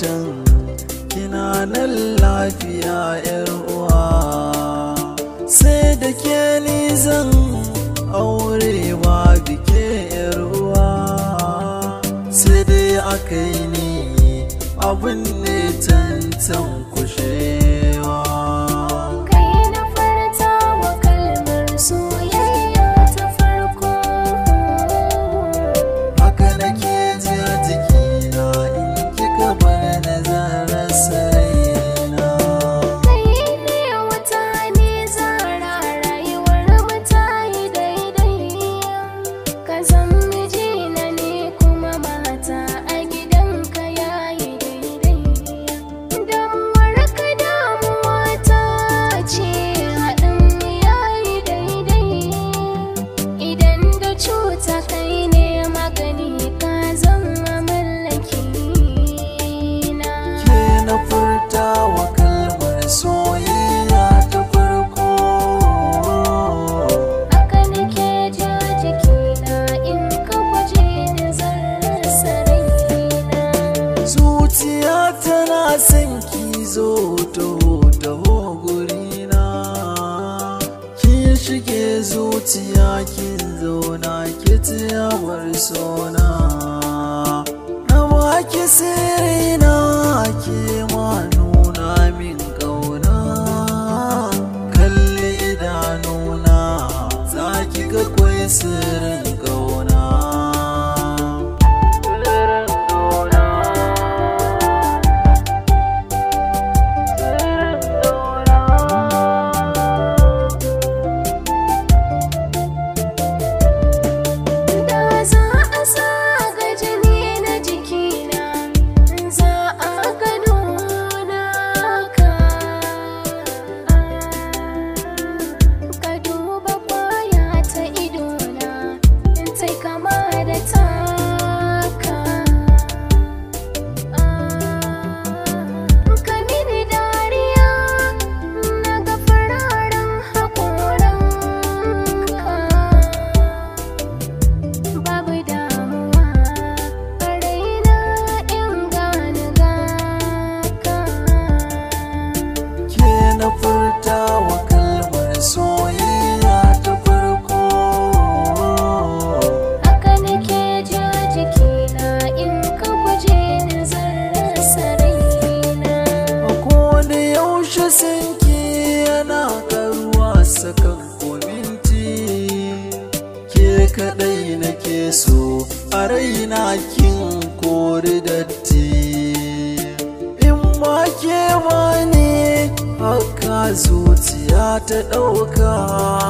fatan kina nan lafiya yar uwa sai da ke zan aure ba bike yar uwa sai dai aka yi ni abin ne tantan san ki zo taho taho gurina kin shige zuciya kin zauna ki tiyamar sona na baki sirina ki nake so a raina kin kori datti in ma ke ne haka zuciya ta ɗauka